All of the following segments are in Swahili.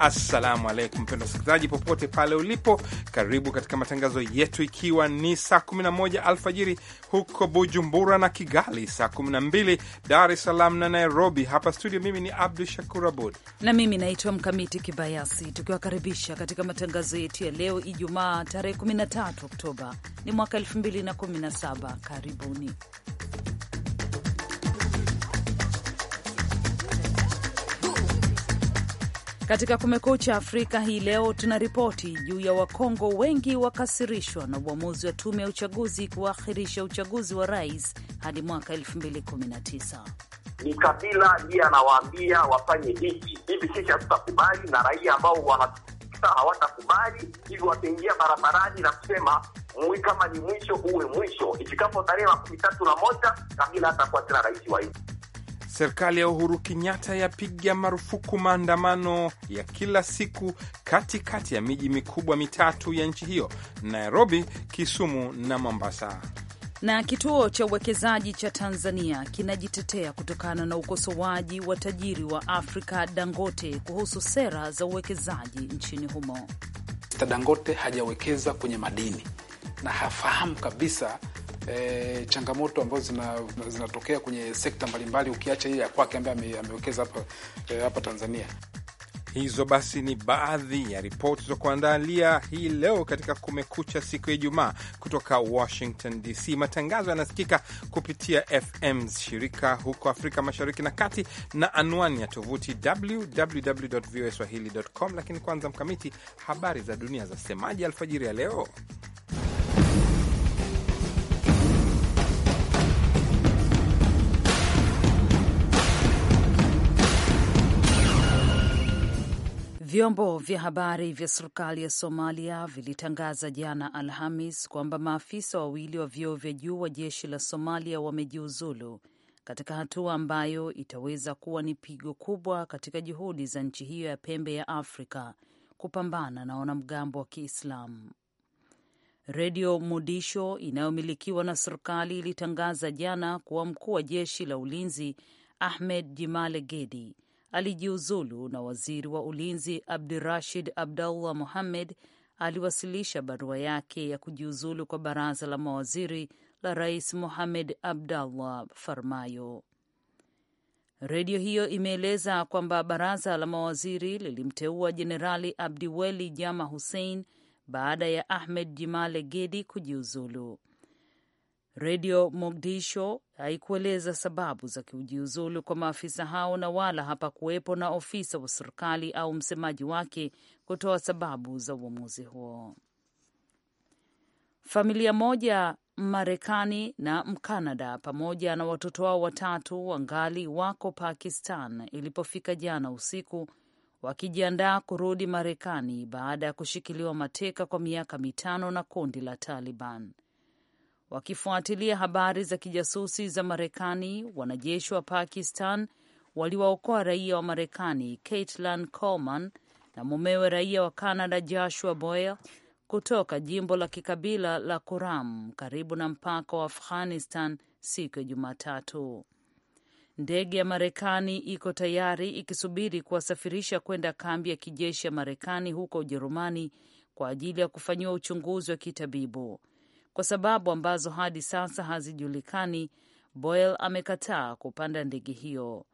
Assalamu alaikum, mpendo msikilizaji popote pale ulipo, karibu katika matangazo yetu, ikiwa ni saa 11 alfajiri huko Bujumbura na Kigali, saa 12 Dar es Salaam na Nairobi. Hapa studio, mimi ni Abdu Shakur Abud na mimi naitwa Mkamiti Kibayasi, tukiwakaribisha katika matangazo yetu ya leo Ijumaa tarehe 13 Oktoba ni mwaka 2017. Karibuni. Katika Kumekucha Afrika hii leo tuna ripoti juu ya Wakongo wengi wakasirishwa na uamuzi wa tume ya uchaguzi kuakhirisha uchaguzi wa rais hadi mwaka 2019. Ni Kabila ndiye anawaambia wafanye hiki hivi, sisi hatutakubali, na raia ambao wanatusa hawatakubali, hivyo wataingia barabarani na kusema mwi kama ni mwisho uwe mwisho. Ifikapo tarehe makumi tatu na moja Kabila hatakuwa tena rais wa nchi. Serikali ya Uhuru Kenyatta yapiga marufuku maandamano ya kila siku katikati kati ya miji mikubwa mitatu ya nchi hiyo, Nairobi, Kisumu na Mombasa. Na kituo cha uwekezaji cha Tanzania kinajitetea kutokana na ukosoaji wa tajiri wa Afrika Dangote kuhusu sera za uwekezaji nchini humo. Dangote hajawekeza kwenye madini na hafahamu kabisa Eh, changamoto ambazo zinatokea zina kwenye sekta mbalimbali, ukiacha ile ya kwake ambaye amewekeza hapa eh, hapa Tanzania. Hizo basi ni baadhi ya ripoti za kuandalia hii leo katika Kumekucha siku ya Ijumaa kutoka Washington DC. Matangazo yanasikika kupitia FM shirika huko Afrika Mashariki na Kati na anwani ya tovuti www voa swahili com. Lakini kwanza, Mkamiti, habari za dunia zasemaje alfajiri ya leo? Vyombo vya habari vya serikali ya Somalia vilitangaza jana Alhamis kwamba maafisa wawili wa vyeo vya juu wa jeshi la Somalia wamejiuzulu katika hatua ambayo itaweza kuwa ni pigo kubwa katika juhudi za nchi hiyo ya pembe ya Afrika kupambana na wanamgambo wa Kiislamu. Redio mudisho inayomilikiwa na serikali ilitangaza jana kuwa mkuu wa jeshi la ulinzi Ahmed Jimale Gedi alijiuzulu na waziri wa ulinzi rashid abdullah muhammed aliwasilisha barua yake ya kujiuzulu kwa baraza la mawaziri la Rais Muhamed Abdallah Farmayo. Redio hiyo imeeleza kwamba baraza la mawaziri lilimteua Jenerali Abdiweli Jama Hussein baada ya Ahmed Jimale Gedi kujiuzulu. Redio Mogdisho haikueleza sababu za kujiuzulu kwa maafisa hao na wala hapa kuwepo na ofisa wa serikali au msemaji wake kutoa sababu za uamuzi huo. Familia moja Marekani na Mkanada pamoja na watoto wao watatu wangali wako Pakistan ilipofika jana usiku, wakijiandaa kurudi Marekani baada ya kushikiliwa mateka kwa miaka mitano na kundi la Taliban wakifuatilia habari za kijasusi za Marekani. Wanajeshi wa Pakistan waliwaokoa raia wa Marekani Caitlin Coleman na mumewe raia wa Canada Joshua Boyle kutoka jimbo la kikabila la Kuram karibu na mpaka wa Afghanistan siku ya Jumatatu. Ndege ya Marekani iko tayari ikisubiri kuwasafirisha kwenda kambi ya kijeshi ya Marekani huko Ujerumani kwa ajili ya kufanyiwa uchunguzi wa kitabibu kwa sababu ambazo hadi sasa hazijulikani. Boel amekataa kupanda ndege hiyo.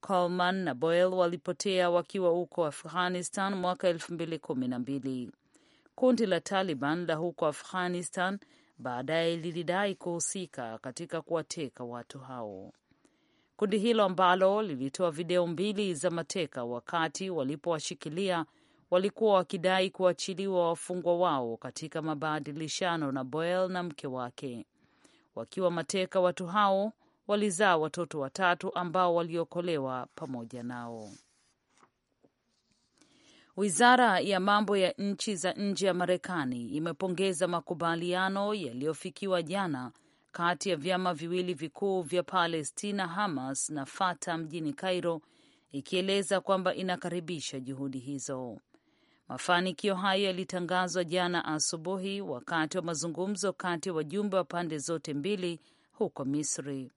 Coleman na Boel walipotea wakiwa huko Afghanistan mwaka elfu mbili kumi na mbili. Kundi la Taliban la huko Afghanistan baadaye lilidai kuhusika katika kuwateka watu hao. Kundi hilo ambalo lilitoa video mbili za mateka wakati walipowashikilia walikuwa wakidai kuachiliwa wafungwa wao katika mabadilishano na Boel na mke wake. Wakiwa mateka, watu hao walizaa watoto watatu ambao waliokolewa pamoja nao. Wizara ya mambo ya nchi za nje ya Marekani imepongeza makubaliano yaliyofikiwa jana kati ya vyama viwili vikuu vya Palestina, Hamas na Fatah mjini Cairo, ikieleza kwamba inakaribisha juhudi hizo. Mafanikio hayo yalitangazwa jana asubuhi wakati wa mazungumzo kati ya wajumbe wa pande zote mbili huko Misri.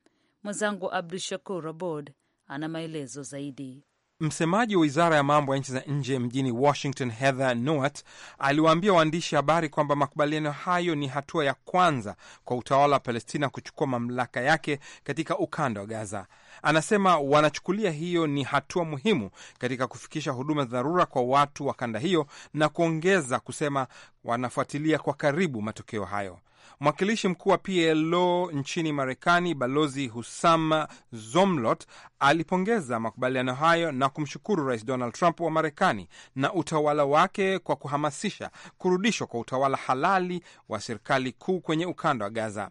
Mwenzangu Abdu Shakur Abod ana maelezo zaidi. Msemaji wa wizara ya mambo ya nchi za nje mjini Washington, Heather Nauert, aliwaambia waandishi habari kwamba makubaliano hayo ni hatua ya kwanza kwa utawala wa Palestina kuchukua mamlaka yake katika ukanda wa Gaza. Anasema wanachukulia hiyo ni hatua muhimu katika kufikisha huduma za dharura kwa watu wa kanda hiyo, na kuongeza kusema wanafuatilia kwa karibu matokeo hayo. Mwakilishi mkuu wa PLO nchini Marekani, Balozi Husam Zomlot alipongeza makubaliano hayo na kumshukuru Rais Donald Trump wa Marekani na utawala wake kwa kuhamasisha kurudishwa kwa utawala halali wa serikali kuu kwenye ukanda wa Gaza.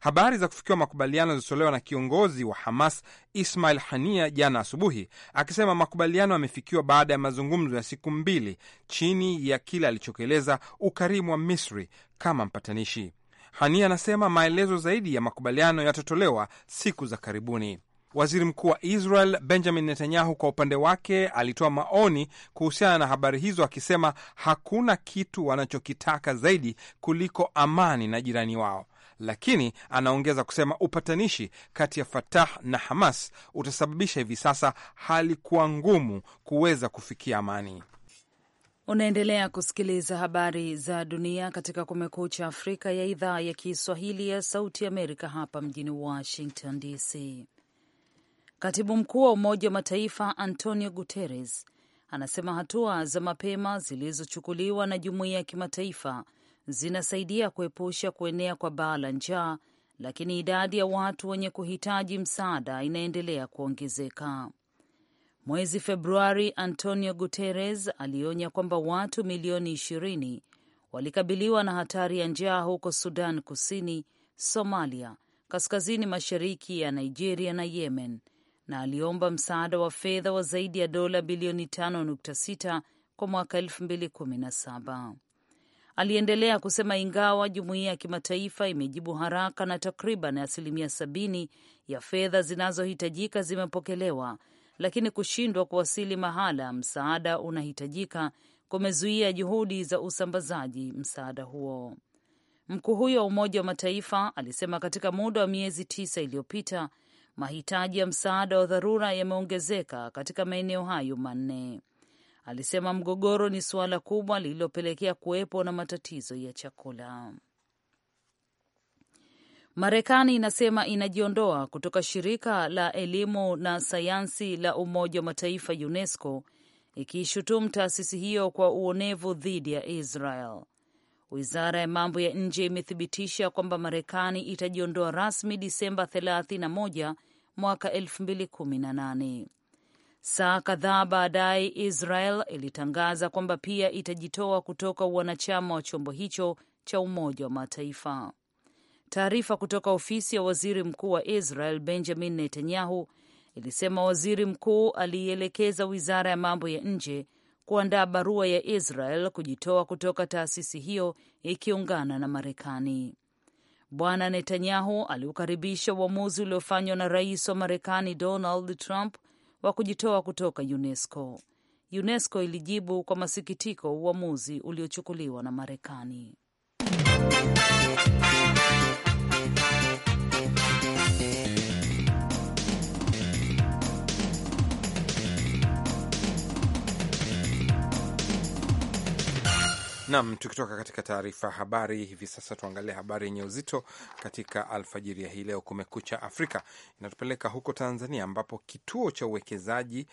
Habari za kufikiwa makubaliano zilizotolewa na kiongozi wa Hamas Ismail Hania jana asubuhi, akisema makubaliano yamefikiwa baada ya mazungumzo ya siku mbili chini ya kile alichokieleza ukarimu wa Misri kama mpatanishi. Hania anasema maelezo zaidi ya makubaliano yatatolewa siku za karibuni. Waziri mkuu wa Israel Benjamin Netanyahu kwa upande wake alitoa maoni kuhusiana na habari hizo, akisema hakuna kitu wanachokitaka zaidi kuliko amani na jirani wao lakini anaongeza kusema upatanishi kati ya Fatah na Hamas utasababisha hivi sasa hali kuwa ngumu kuweza kufikia amani. Unaendelea kusikiliza habari za dunia katika Kumekucha Afrika ya idhaa ya Kiswahili ya Sauti Amerika, hapa mjini Washington DC. Katibu mkuu wa Umoja wa Mataifa Antonio Guterres anasema hatua za mapema zilizochukuliwa na jumuiya ya kimataifa zinasaidia kuepusha kuenea kwa baa la njaa, lakini idadi ya watu wenye kuhitaji msaada inaendelea kuongezeka. Mwezi Februari, Antonio Guterres alionya kwamba watu milioni ishirini walikabiliwa na hatari ya njaa huko Sudan Kusini, Somalia, kaskazini mashariki ya Nigeria na Yemen, na aliomba msaada wa fedha wa zaidi ya dola bilioni 5.6 kwa mwaka 2017. Aliendelea kusema ingawa jumuiya ya kimataifa imejibu haraka na takriban asilimia sabini ya fedha zinazohitajika zimepokelewa, lakini kushindwa kuwasili mahala msaada unahitajika kumezuia juhudi za usambazaji msaada huo. Mkuu huyo wa Umoja wa Mataifa alisema katika muda wa miezi tisa iliyopita mahitaji ya msaada wa dharura yameongezeka katika maeneo hayo manne alisema mgogoro ni suala kubwa lililopelekea kuwepo na matatizo ya chakula. Marekani inasema inajiondoa kutoka shirika la elimu na sayansi la Umoja wa Mataifa UNESCO ikiishutumu taasisi hiyo kwa uonevu dhidi ya Israel. Wizara ya mambo ya nje imethibitisha kwamba Marekani itajiondoa rasmi Disemba 31 mwaka 2018. Saa kadhaa baadaye, Israel ilitangaza kwamba pia itajitoa kutoka wanachama wa chombo hicho cha Umoja wa Mataifa. Taarifa kutoka ofisi ya waziri mkuu wa Israel Benjamin Netanyahu ilisema waziri mkuu aliielekeza wizara ya mambo ya nje kuandaa barua ya Israel kujitoa kutoka taasisi hiyo ikiungana na Marekani. Bwana Netanyahu aliukaribisha uamuzi uliofanywa na rais wa Marekani Donald Trump wa kujitoa kutoka UNESCO. UNESCO ilijibu kwa masikitiko uamuzi uliochukuliwa na Marekani. Nam, tukitoka katika taarifa ya habari hivi sasa, tuangalie habari yenye uzito katika alfajiri ya hii leo. Kumekucha Afrika inatupeleka huko Tanzania, ambapo kituo cha uwekezaji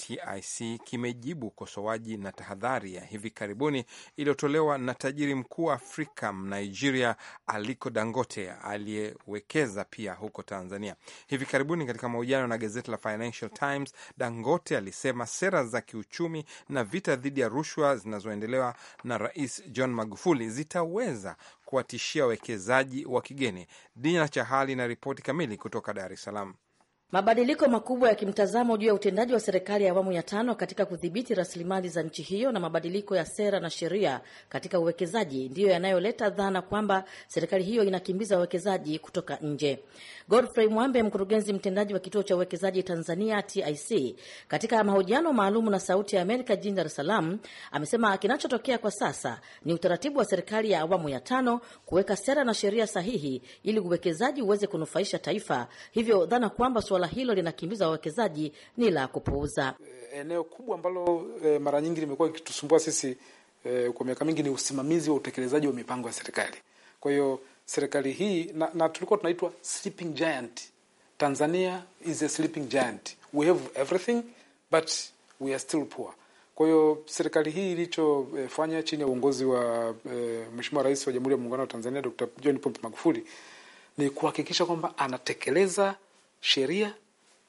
TIC kimejibu ukosoaji na tahadhari ya hivi karibuni iliyotolewa na tajiri mkuu wa Afrika mnigeria Aliko Dangote aliyewekeza pia huko Tanzania. Hivi karibuni katika mahojiano na gazeti la Financial Times, Dangote alisema sera za kiuchumi na vita dhidi ya rushwa zinazoendelewa na Rais John Magufuli zitaweza kuwatishia wawekezaji wa kigeni. Dina Chahali na ripoti kamili kutoka Dar es Salaam. Mabadiliko makubwa ya kimtazamo juu ya utendaji wa serikali ya awamu ya tano katika kudhibiti rasilimali za nchi hiyo na mabadiliko ya sera na sheria katika uwekezaji ndiyo yanayoleta dhana kwamba serikali hiyo inakimbiza wawekezaji kutoka nje. Godfrey Mwambe, mkurugenzi mtendaji wa kituo cha uwekezaji Tanzania TIC, katika mahojiano maalum na Sauti ya Amerika jijini Dar es Salaam, amesema kinachotokea kwa sasa ni utaratibu wa serikali ya awamu ya tano kuweka sera na sheria sahihi ili uwekezaji uweze kunufaisha taifa, hivyo dhana kwamba suala hilo linakimbiza wawekezaji ni la kupuuza. Eh, eneo kubwa ambalo e, mara nyingi limekuwa ikitusumbua sisi e, kwa miaka mingi ni usimamizi wa utekelezaji wa mipango ya serikali. Kwa hiyo serikali hii na, na tulikuwa tunaitwa sleeping giant. Tanzania is a sleeping giant. We have everything but we are still poor. Kwa hiyo serikali hii ilichofanya e, chini ya uongozi wa e, Mheshimiwa Rais wa Jamhuri ya Muungano wa Tanzania Dr. John Pombe Magufuli ni kuhakikisha kwamba anatekeleza sheria,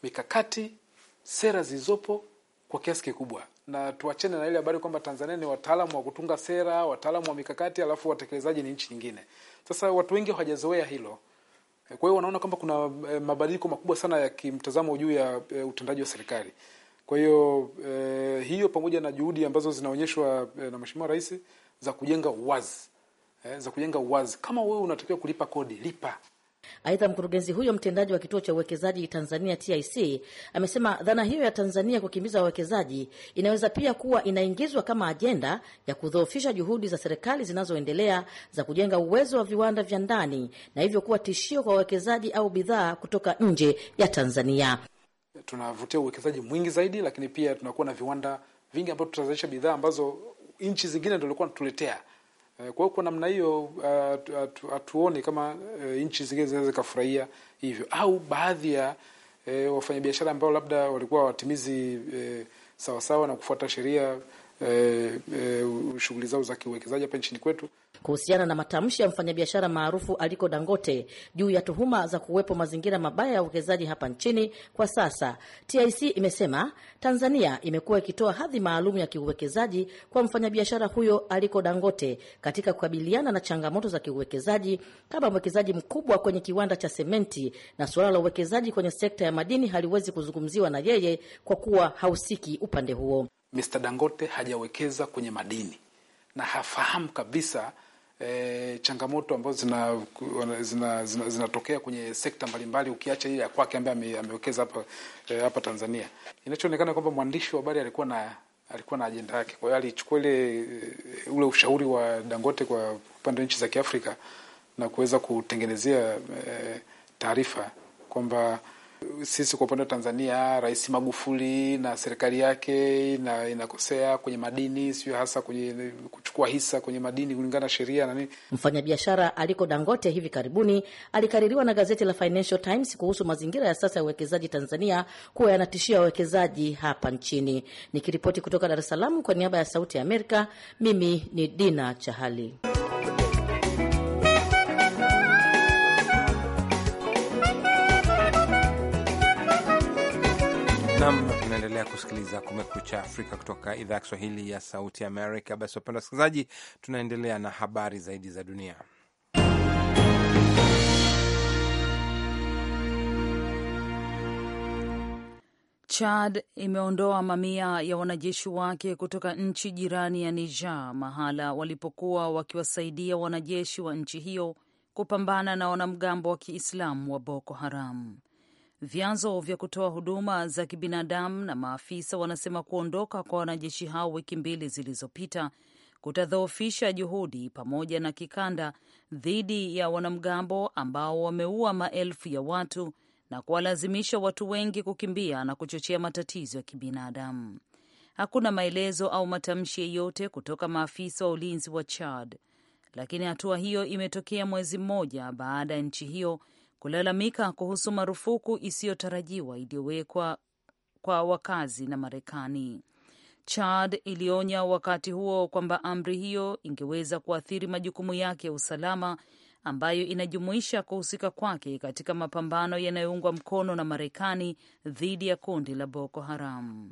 mikakati, sera zilizopo kwa kiasi kikubwa, na tuachene na ile habari kwamba Tanzania ni wataalamu wa kutunga sera, wataalamu wa mikakati, alafu watekelezaji ni nchi nyingine. Sasa watu wengi hawajazoea hilo, kwa hiyo wanaona kwamba kuna eh, mabadiliko makubwa sana ya kimtazamo juu ya eh, utendaji wa serikali. Kwa hiyo eh, hiyo pamoja na juhudi ambazo zinaonyeshwa eh, na Mheshimiwa Rais za kujenga uwazi eh, za kujenga uwazi. Kama wewe unatakiwa kulipa kodi, lipa. Aidha, mkurugenzi huyo mtendaji wa kituo cha uwekezaji Tanzania TIC amesema dhana hiyo ya Tanzania kukimbiza wawekezaji inaweza pia kuwa inaingizwa kama ajenda ya kudhoofisha juhudi za serikali zinazoendelea za kujenga uwezo wa viwanda vya ndani na hivyo kuwa tishio kwa wawekezaji au bidhaa kutoka nje ya Tanzania. Tunavutia uwekezaji mwingi zaidi, lakini pia tunakuwa na viwanda vingi ambavyo tutazalisha bidhaa ambazo nchi zingine ndo ilikuwa natuletea Eh, kwa hiyo kwa namna hiyo uh, uh, hatuoni atu, kama uh, nchi zingine zinaweza kufurahia hivyo, au baadhi ya uh, wafanyabiashara ambao labda walikuwa watimizi e, eh, sawasawa na kufuata sheria uh, uh, shughuli zao za kiuwekezaji hapa nchini kwetu kuhusiana na matamshi ya mfanyabiashara maarufu Aliko Dangote juu ya tuhuma za kuwepo mazingira mabaya ya uwekezaji hapa nchini kwa sasa. TIC imesema Tanzania imekuwa ikitoa hadhi maalum ya kiuwekezaji kwa mfanyabiashara huyo Aliko Dangote katika kukabiliana na changamoto za kiuwekezaji kama mwekezaji mkubwa kwenye kiwanda cha sementi, na suala la uwekezaji kwenye sekta ya madini haliwezi kuzungumziwa na yeye kwa kuwa hausiki upande huo. Mr. Dangote hajawekeza kwenye madini na hafahamu kabisa e, changamoto ambazo zinatokea zina, zina, zina kwenye sekta mbalimbali, ukiacha ile ya kwake ambaye amewekeza hapa e, hapa Tanzania. Inachoonekana kwamba mwandishi wa habari alikuwa na alikuwa na ajenda yake, kwa hiyo alichukua ile eh, ule ushauri wa Dangote kwa upande wa nchi za Kiafrika na kuweza kutengenezea e, taarifa kwamba sisi kwa upande wa Tanzania, Rais Magufuli na serikali yake ina, inakosea kwenye madini, sio hasa kwenye kuchukua hisa kwenye madini kulingana na sheria na nini. Mfanyabiashara Aliko Dangote hivi karibuni alikaririwa na gazeti la Financial Times kuhusu mazingira ya sasa ya uwekezaji Tanzania kuwa yanatishia wawekezaji hapa nchini. Nikiripoti kutoka Dar es Salaam kwa niaba ya Sauti ya Amerika, mimi ni Dina Chahali. Nam, tunaendelea kusikiliza Kumekucha Afrika kutoka idhaa ya Kiswahili ya Sauti Amerika. Basi wapenda wasikilizaji, tunaendelea na habari zaidi za dunia. Chad imeondoa mamia ya wanajeshi wake kutoka nchi jirani ya Niger, mahala walipokuwa wakiwasaidia wanajeshi wa nchi hiyo kupambana na wanamgambo wa Kiislamu wa Boko Haram. Vyanzo vya kutoa huduma za kibinadamu na maafisa wanasema kuondoka kwa wanajeshi hao wiki mbili zilizopita kutadhoofisha juhudi pamoja na kikanda dhidi ya wanamgambo ambao wameua maelfu ya watu na kuwalazimisha watu wengi kukimbia na kuchochea matatizo ya kibinadamu. Hakuna maelezo au matamshi yeyote kutoka maafisa wa ulinzi wa Chad, lakini hatua hiyo imetokea mwezi mmoja baada ya nchi hiyo kulalamika kuhusu marufuku isiyotarajiwa iliyowekwa kwa wakazi na Marekani. Chad ilionya wakati huo kwamba amri hiyo ingeweza kuathiri majukumu yake ya usalama ambayo inajumuisha kuhusika kwake katika mapambano yanayoungwa mkono na Marekani dhidi ya kundi la Boko Haram.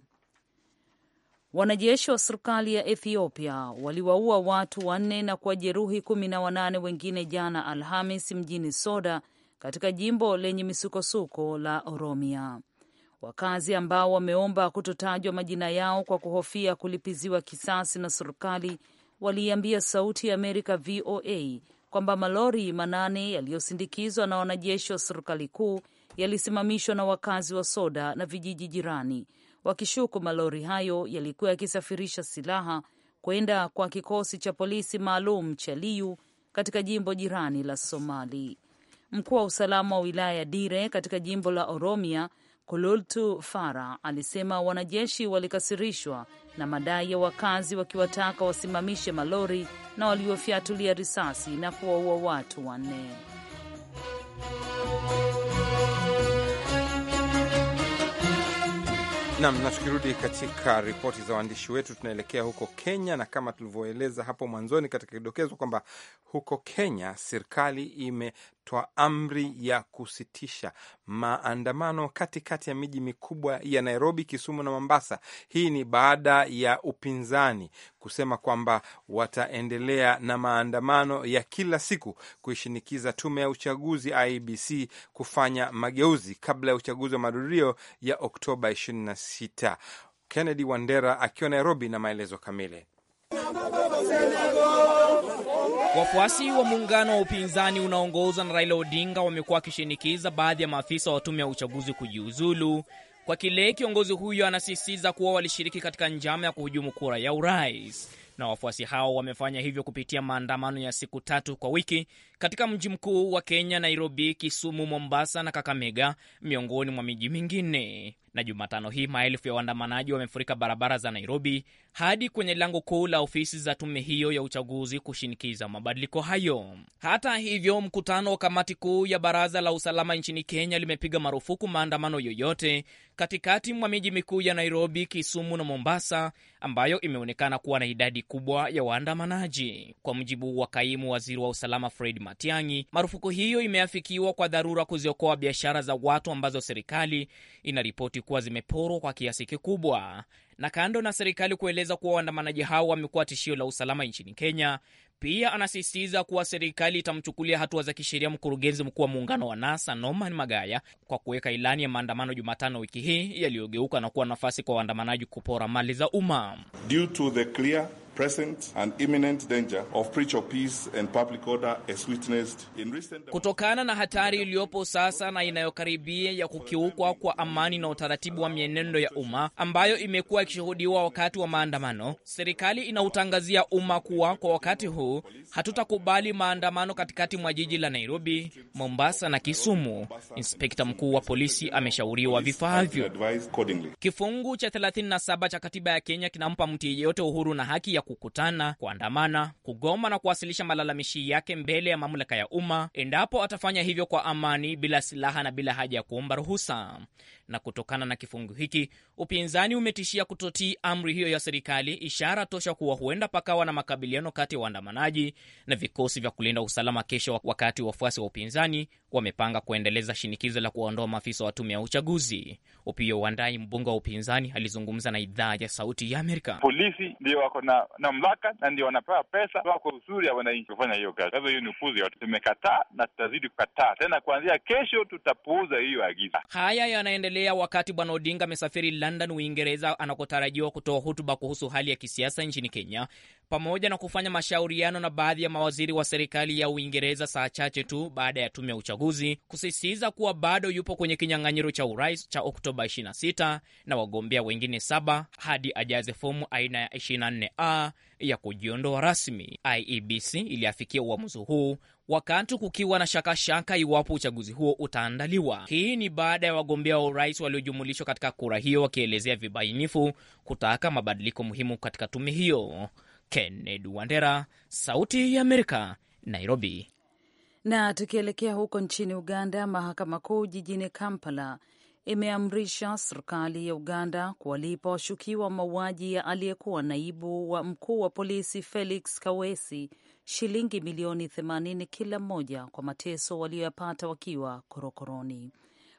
Wanajeshi wa serikali ya Ethiopia waliwaua watu wanne na kuwajeruhi kumi na wanane wengine jana Alhamis mjini Soda katika jimbo lenye misukosuko la Oromia. Wakazi ambao wameomba kutotajwa majina yao kwa kuhofia kulipiziwa kisasi na serikali waliiambia Sauti ya Amerika VOA kwamba malori manane yaliyosindikizwa na wanajeshi wa serikali kuu yalisimamishwa na wakazi wa Soda na vijiji jirani, wakishuku malori hayo yalikuwa yakisafirisha silaha kwenda kwa kikosi cha polisi maalum cha liu katika jimbo jirani la Somali. Mkuu wa usalama wa wilaya ya Dire katika jimbo la Oromia, Kulultu Fara, alisema wanajeshi walikasirishwa na madai ya wakazi wakiwataka wasimamishe malori na waliofyatulia risasi na kuwaua watu wanne. Nam na tukirudi katika ripoti za waandishi wetu, tunaelekea huko Kenya, na kama tulivyoeleza hapo mwanzoni katika kidokezo kwamba huko Kenya serikali ime kutoa amri ya kusitisha maandamano katikati ya miji mikubwa ya Nairobi, Kisumu na Mombasa. Hii ni baada ya upinzani kusema kwamba wataendelea na maandamano ya kila siku kuishinikiza tume ya uchaguzi ibc kufanya mageuzi kabla ya uchaguzi wa marudio ya Oktoba 26. Kennedy Wandera akiwa Nairobi na maelezo kamili Wafuasi wa muungano wa upinzani unaoongozwa na Raila Odinga wamekuwa wakishinikiza baadhi ya maafisa wa tume ya uchaguzi kujiuzulu kwa kile kiongozi huyo anasisitiza kuwa walishiriki katika njama ya kuhujumu kura ya urais, na wafuasi hao wamefanya hivyo kupitia maandamano ya siku tatu kwa wiki katika mji mkuu wa Kenya, Nairobi, Kisumu, Mombasa na Kakamega, miongoni mwa miji mingine. Na Jumatano hii maelfu ya waandamanaji wamefurika barabara za Nairobi hadi kwenye lango kuu la ofisi za tume hiyo ya uchaguzi kushinikiza mabadiliko hayo. Hata hivyo, mkutano wa kamati kuu ya baraza la usalama nchini Kenya limepiga marufuku maandamano yoyote katikati mwa miji mikuu ya Nairobi, Kisumu na Mombasa, ambayo imeonekana kuwa na idadi kubwa ya waandamanaji, kwa mujibu wa kaimu waziri wa usalama Fred Matiang'i, marufuku hiyo imeafikiwa kwa dharura kuziokoa biashara za watu ambazo serikali inaripoti kuwa zimeporwa kwa kiasi kikubwa. Na kando na serikali kueleza kuwa waandamanaji hao wamekuwa tishio la usalama nchini Kenya, pia anasisitiza kuwa serikali itamchukulia hatua za kisheria mkurugenzi mkuu wa muungano wa NASA Norman Magaya kwa kuweka ilani ya maandamano Jumatano wiki hii yaliyogeuka na kuwa nafasi kwa waandamanaji kupora mali za umma. Due to the clear present and imminent danger of breach of peace and public order as witnessed in recent... Kutokana na hatari iliyopo sasa na inayokaribia ya kukiukwa kwa amani na utaratibu wa mienendo ya umma ambayo imekuwa ikishuhudiwa wakati wa maandamano, serikali inautangazia umma kuwa kwa wakati huu hatutakubali maandamano katikati mwa jiji la Nairobi, Mombasa na Kisumu. Inspekta mkuu wa polisi ameshauriwa vifaavyo. Kifungu cha 37 cha katiba ya Kenya kinampa mtu yeyote uhuru na haki ya kukutana, kuandamana, kugoma na kuwasilisha malalamishi yake mbele ya mamlaka ya umma, endapo atafanya hivyo kwa amani, bila silaha na bila haja ya kuomba ruhusa. Na kutokana na kifungu hiki, upinzani umetishia kutotii amri hiyo ya serikali, ishara tosha kuwa huenda pakawa na makabiliano kati ya waandamanaji na vikosi vya kulinda usalama kesho, wakati wafuasi wa upinzani wamepanga kuendeleza shinikizo la kuwaondoa maafisa wa tume ya uchaguzi. Upio Wandai, mbunge wa upinzani, alizungumza na idhaa ya Sauti ya Amerika. Polisi ndio wako na mamlaka na ndio wanapewa pesa wako uzuri ya wananchi kufanya hiyo kazi. Sasa hiyo ni upuzi, tumekataa na tutazidi kukataa tena. Kuanzia kesho tutapuuza hiyo agiza. Haya yanaendelea wakati Bwana Odinga amesafiri London, Uingereza, anakotarajiwa kutoa hotuba kuhusu hali ya kisiasa nchini Kenya, pamoja na kufanya mashauriano na baadhi ya mawaziri wa serikali ya Uingereza saa chache tu baada ya tume ya uchaguzi uchaguzi kusisitiza kuwa bado yupo kwenye kinyang'anyiro cha urais cha Oktoba 26 na wagombea wengine saba hadi ajaze fomu aina ya 24A ya kujiondoa rasmi. IEBC iliafikia uamuzi huu wakati kukiwa na shakashaka shaka iwapo uchaguzi huo utaandaliwa. Hii ni baada ya wagombea wa urais waliojumulishwa katika kura hiyo wakielezea vibainifu kutaka mabadiliko muhimu katika tume hiyo. Kennedy Wandera, Sauti ya Amerika, Nairobi. Na tukielekea huko nchini Uganda, mahakama kuu jijini Kampala imeamrisha serikali ya Uganda kuwalipa washukiwa mauaji ya aliyekuwa naibu wa mkuu wa polisi Felix kawesi shilingi milioni 80 kila mmoja kwa mateso walioyapata wakiwa korokoroni.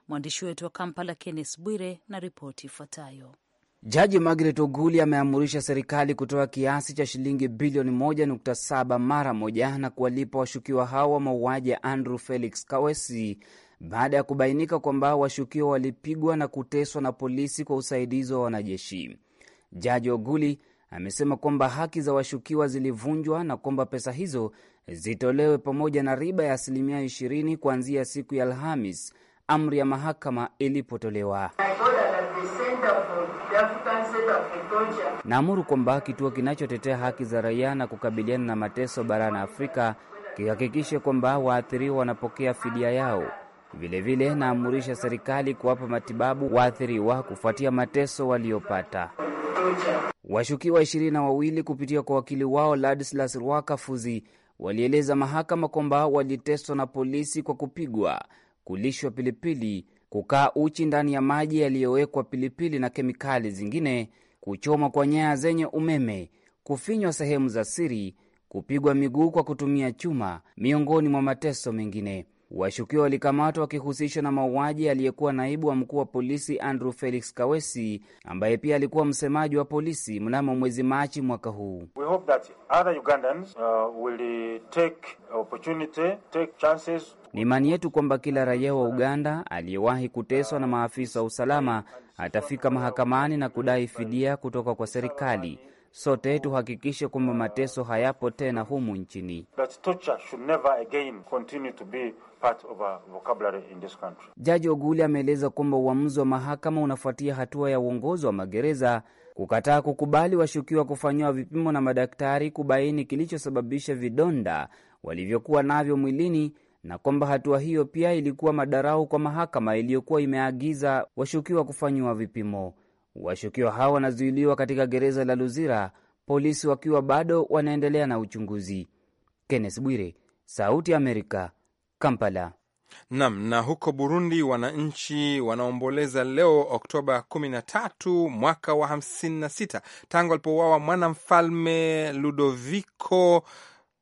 Mwandishi wetu wa Kampala kennes Bwire na ripoti ifuatayo. Jaji Margaret Oguli ameamurisha serikali kutoa kiasi cha shilingi bilioni 1.7 mara moja na kuwalipa washukiwa hao wa mauaji ya Andrew Felix kawesi baada ya kubainika kwamba washukiwa walipigwa na kuteswa na polisi kwa usaidizi wa wanajeshi. Jaji Oguli amesema kwamba haki za washukiwa zilivunjwa na kwamba pesa hizo zitolewe pamoja na riba ya asilimia 20 kuanzia siku ya Alhamis amri ya mahakama ilipotolewa. Naamuru kwamba kituo kinachotetea haki za raia na kukabiliana na mateso barani Afrika kihakikishe kwamba waathiriwa wanapokea fidia yao. Vilevile naamurisha serikali kuwapa matibabu waathiriwa kufuatia mateso waliopata. Washukiwa ishirini na wawili kupitia kwa wakili wao Ladislas Rwakafuzi walieleza mahakama kwamba waliteswa na polisi kwa kupigwa, kulishwa pilipili kukaa uchi ndani ya maji yaliyowekwa pilipili na kemikali zingine, kuchomwa kwa nyaya zenye umeme, kufinywa sehemu za siri, kupigwa miguu kwa kutumia chuma, miongoni mwa mateso mengine. Washukiwa walikamatwa wakihusishwa na mauaji aliyekuwa naibu wa mkuu wa polisi Andrew Felix Kawesi, ambaye pia alikuwa msemaji wa polisi mnamo mwezi Machi mwaka huu. Uh, ni imani yetu kwamba kila raia wa Uganda aliyewahi kuteswa na maafisa wa usalama atafika mahakamani na kudai fidia kutoka kwa serikali. Sote tuhakikishe kwamba mateso hayapo tena humu nchini. Jaji Oguli ameeleza kwamba uamuzi wa mahakama unafuatia hatua ya uongozi wa magereza kukataa kukubali washukiwa kufanyiwa vipimo na madaktari kubaini kilichosababisha vidonda walivyokuwa navyo mwilini na kwamba hatua hiyo pia ilikuwa madarau kwa mahakama iliyokuwa imeagiza washukiwa kufanyiwa vipimo. Washukiwa hao wanazuiliwa katika gereza la Luzira, polisi wakiwa bado wanaendelea na uchunguzi. Kenneth Bwire, Sauti ya Amerika, Kampala. Nam. Na huko Burundi, wananchi wanaomboleza leo Oktoba 13 mwaka wa 56 tangu alipouawa mwanamfalme Ludoviko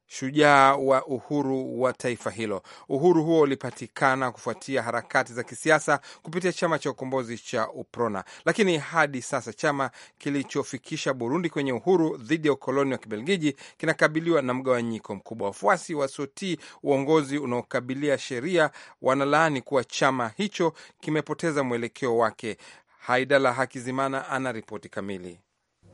shujaa wa uhuru wa taifa hilo. Uhuru huo ulipatikana kufuatia harakati za kisiasa kupitia chama cha ukombozi cha UPRONA, lakini hadi sasa chama kilichofikisha Burundi kwenye uhuru dhidi ya ukoloni wa Kibelgiji kinakabiliwa na mgawanyiko mkubwa. Wafuasi wasiotii uongozi unaokabilia sheria wanalaani kuwa chama hicho kimepoteza mwelekeo wake. Haidala Hakizimana ana ripoti kamili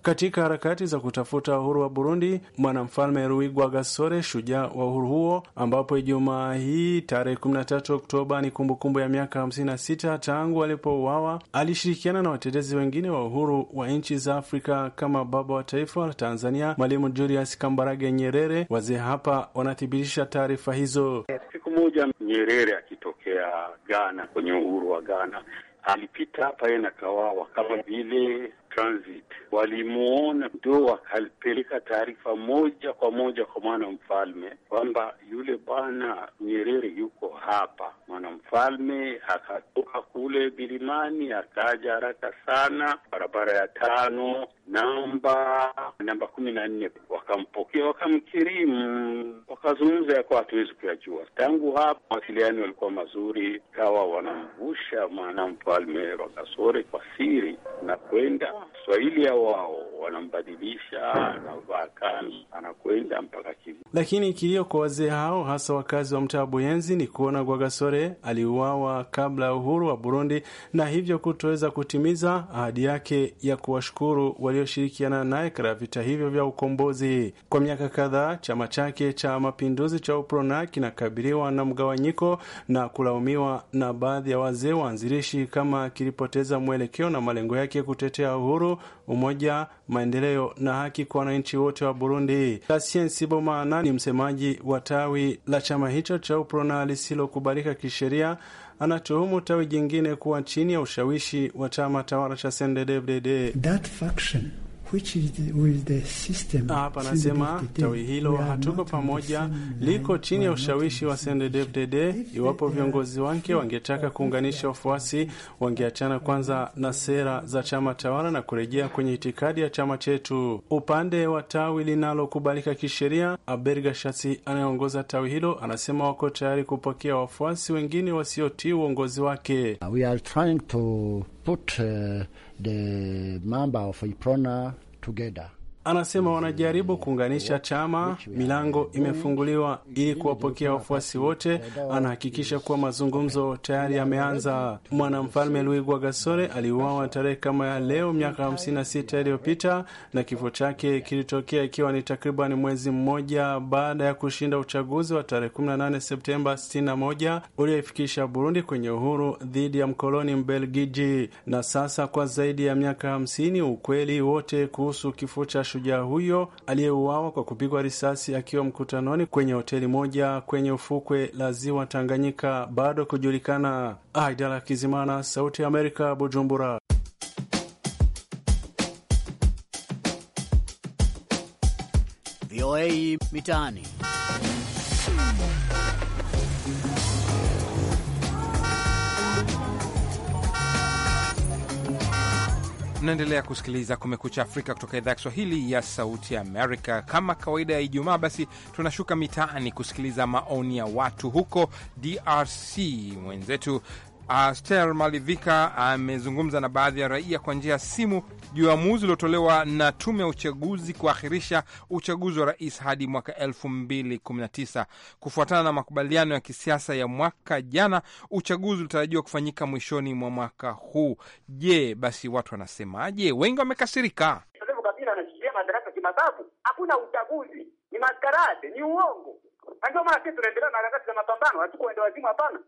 katika harakati za kutafuta uhuru wa Burundi, mwanamfalme Ruigwa Gasore, shujaa wa uhuru huo, ambapo Ijumaa hii tarehe 13 Oktoba ni kumbukumbu kumbu ya miaka 56 tangu alipouawa. Alishirikiana na watetezi wengine wa uhuru wa nchi za Afrika kama baba wa taifa la Tanzania, Mwalimu Julius Kambarage Nyerere. Wazee hapa wanathibitisha taarifa hizo. Siku moja Nyerere akitokea Ghana, kwenye uhuru wa Ghana, alipita hapa yeye na kawawa kama vile transit walimuona, ndo wakalipeleka taarifa moja kwa moja kwa mwanamfalme kwamba yule bwana Nyerere yuko hapa. Mwanamfalme akatoka kule Bilimani, akaja haraka sana, barabara ya tano namba namba kumi na nne, wakampokea wakamkirimu, mm, wakazungumza yako hatuwezi kuyajua. Tangu hapo mawasiliano walikuwa mazuri, kawa wanamvusha mwanamfalme Rwagasore kwa siri na kwenda Swahili ya wao wanambadilisha, anavaa kani, anakwenda mpaka Kivu. Lakini kilio kwa wazee hao, hasa wakazi wa mtaa Buyenzi, ni kuona gwagasore aliuawa kabla ya uhuru wa Burundi na hivyo kutoweza kutimiza ahadi yake ya kuwashukuru walioshirikiana naye katika vita hivyo vya ukombozi. Kwa miaka kadhaa, chama chake cha mapinduzi cha UPRONA kinakabiliwa na mgawanyiko na kulaumiwa na baadhi ya wazee waanzilishi kama kilipoteza mwelekeo na malengo yake kutetea uhuru uhuru, umoja, maendeleo na haki kwa wananchi wote wa Burundi. tasien Sibomana ni msemaji wa tawi la chama hicho cha UPRONA lisilokubalika kisheria anatuhumu tawi jingine kuwa chini ya ushawishi wa chama tawala cha CNDD-FDD which is the, with the system. Hapa anasema tawi hilo hatuko pamoja, liko chini ya ushawishi wa CNDD-FDD. Iwapo viongozi wake wangetaka kuunganisha wafuasi, wangeachana kwanza na sera za chama tawala na kurejea kwenye itikadi ya chama chetu. Upande wa tawi linalokubalika kisheria, aber Gashasi anayeongoza tawi hilo anasema wako tayari kupokea wafuasi wengine wasiotii uongozi wake. We are trying to put, uh, the member of Iprona together Anasema wanajaribu kuunganisha chama, milango imefunguliwa ili kuwapokea wafuasi wote. Anahakikisha kuwa mazungumzo tayari yameanza. Mwanamfalme Louis gwagasore aliuawa tarehe kama ya leo miaka 56 iliyopita, na kifo chake kilitokea ikiwa ni takriban mwezi mmoja baada ya kushinda uchaguzi wa tarehe 18 Septemba 61 ulioifikisha Burundi kwenye uhuru dhidi ya mkoloni Mbelgiji. Na sasa kwa zaidi ya miaka 50 ukweli wote kuhusu kifo cha shujaa huyo aliyeuawa kwa kupigwa risasi akiwa mkutanoni kwenye hoteli moja kwenye ufukwe la ziwa Tanganyika bado kujulikana. Aidala Kizimana, Sauti ya Amerika, Bujumbura. VOA Mitaani. Tunaendelea kusikiliza Kumekucha Afrika kutoka idhaa ya Kiswahili ya Sauti ya Amerika. Kama kawaida ya Ijumaa, basi tunashuka mitaani kusikiliza maoni ya watu huko DRC. Mwenzetu Astel ah, Malivika amezungumza na baadhi ya raia kwa njia ya simu juu ya muzi uliotolewa na tume ya uchaguzi kuahirisha uchaguzi wa rais hadi mwaka 2019 kufuatana na makubaliano ya kisiasa ya mwaka jana. Uchaguzi ulitarajiwa kufanyika mwishoni mwa mwaka huu. Je, basi watu wanasemaje? Wengi wamekasirika. hakuna uchaguzi, ni maskarade, ni uongo, na ndio maana sisi tunaendelea na harakati za mapambano. Hatukuenda wazimu, hapana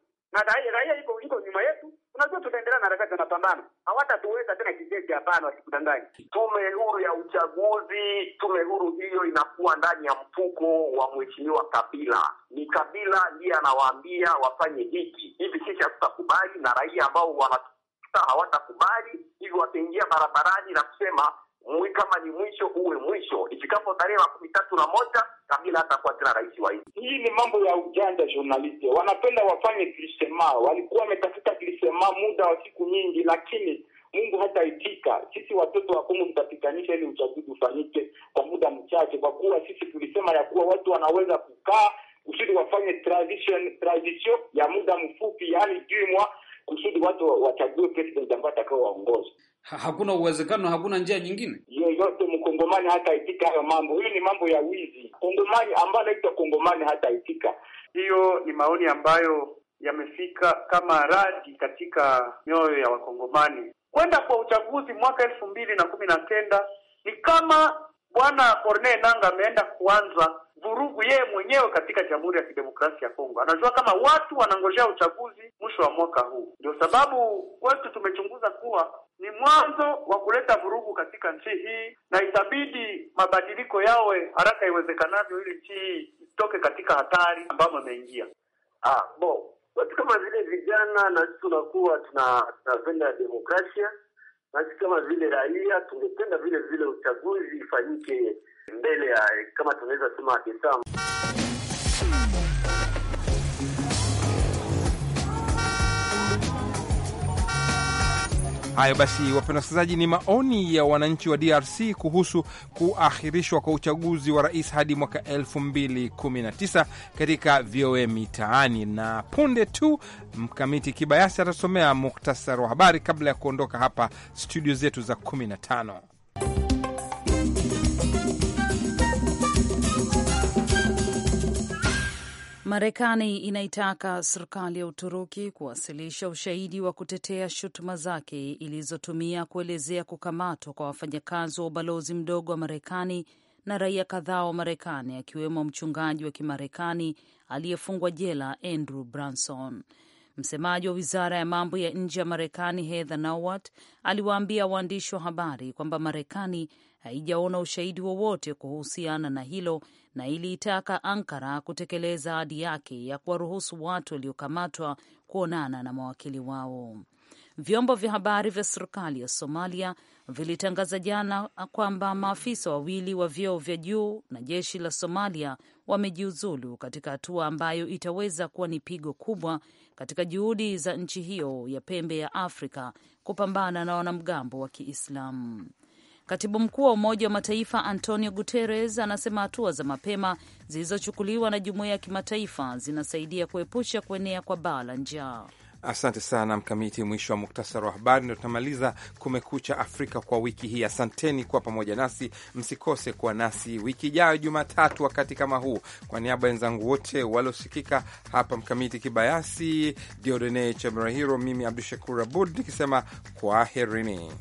na raia iko iko nyuma yetu. Unajua, tutaendelea na harakati za mapambano, hawatatuweza tena kijeshi. Hapana, wasikudanganyi. Tume huru ya uchaguzi, tume huru hiyo inakuwa ndani ya mfuko wa mheshimiwa Kabila. Ni Kabila ndiye anawaambia wafanye hiki hivi, sisi hatutakubali, na raia ambao wanatuta hawatakubali, hivyo wataingia barabarani na kusema mwi kama ni mwisho uwe mwisho. Ifikapo tarehe makumi tatu na moja Kabila hatakuwa tena rais wa nchi hii. Ni mambo ya ujanja journalist, wanapenda wafanye klisema. Walikuwa wametafuta klisema muda wa siku nyingi, lakini Mungu hataitika. Sisi watoto wa Kongo tutapiganisha ili uchaguzi ufanyike kwa muda mchache, kwa kuwa sisi tulisema ya kuwa watu wanaweza kukaa kusudi wafanye transition transition ya muda mfupi, yaani jumwa kusudi watu wachague president ambaye waongoza Ha, hakuna uwezekano, hakuna njia nyingine yoyote. Mkongomani hata itika hayo mambo, hiyo ni mambo ya wizi. Kongomani ambayo anaitwa Kongomani hata itika hiyo. Ni maoni ambayo yamefika kama radi katika mioyo ya Wakongomani. Kwenda kwa uchaguzi mwaka elfu mbili na kumi na kenda ni kama Bwana Corneille Nangaa ameenda kuanza vurugu yeye mwenyewe katika Jamhuri ya Kidemokrasia ya Kongo. Anajua kama watu wanangojea uchaguzi mwisho wa mwaka huu, ndio sababu kwetu tumechunguza kuwa ni mwanzo wa kuleta vurugu katika nchi hii, na itabidi mabadiliko yawe haraka iwezekanavyo, ili nchi hii itoke katika hatari ambamo imeingia. Ah, bo watu kama vile vijana na sisi tunakuwa tunapenda demokrasia, na sisi kama vile raia tungependa vile vile uchaguzi ifanyike mbele ya kama tunaweza sema besa Hayo basi, wapenda wasikilizaji, ni maoni ya wananchi wa DRC kuhusu kuahirishwa kwa uchaguzi wa rais hadi mwaka 2019 katika VOA Mitaani. Na punde tu Mkamiti Kibayasi atasomea muktasari wa habari kabla ya kuondoka hapa studio zetu za 15. Marekani inaitaka serikali ya Uturuki kuwasilisha ushahidi wa kutetea shutuma zake ilizotumia kuelezea kukamatwa kwa wafanyakazi wa ubalozi mdogo wa Marekani na raia kadhaa wa Marekani akiwemo mchungaji wa Kimarekani aliyefungwa jela Andrew Branson. Msemaji wa wizara ya mambo ya nje ya Marekani Heather Nauert aliwaambia waandishi wa habari kwamba Marekani haijaona ushahidi wowote kuhusiana na hilo na iliitaka Ankara kutekeleza ahadi yake ya kuwaruhusu watu waliokamatwa kuonana na mawakili wao. Vyombo vya habari vya serikali ya Somalia vilitangaza jana kwamba maafisa wawili wa vyeo vya juu na jeshi la Somalia wamejiuzulu katika hatua ambayo itaweza kuwa ni pigo kubwa katika juhudi za nchi hiyo ya pembe ya Afrika kupambana na wanamgambo wa Kiislamu. Katibu mkuu wa Umoja wa Mataifa Antonio Guterres anasema hatua za mapema zilizochukuliwa na jumuiya ya kimataifa zinasaidia kuepusha kuenea kwa baa la njaa. Asante sana Mkamiti. Mwisho wa muktasari wa habari, ndio tunamaliza Kumekucha Afrika kwa wiki hii. Asanteni kuwa pamoja nasi, msikose kuwa nasi wiki ijayo Jumatatu wakati kama huu. Kwa niaba ya wenzangu wote waliosikika hapa, Mkamiti Kibayasi, Diodene Chebrahiro, mimi Abdu Shakur Abud nikisema kwaherini.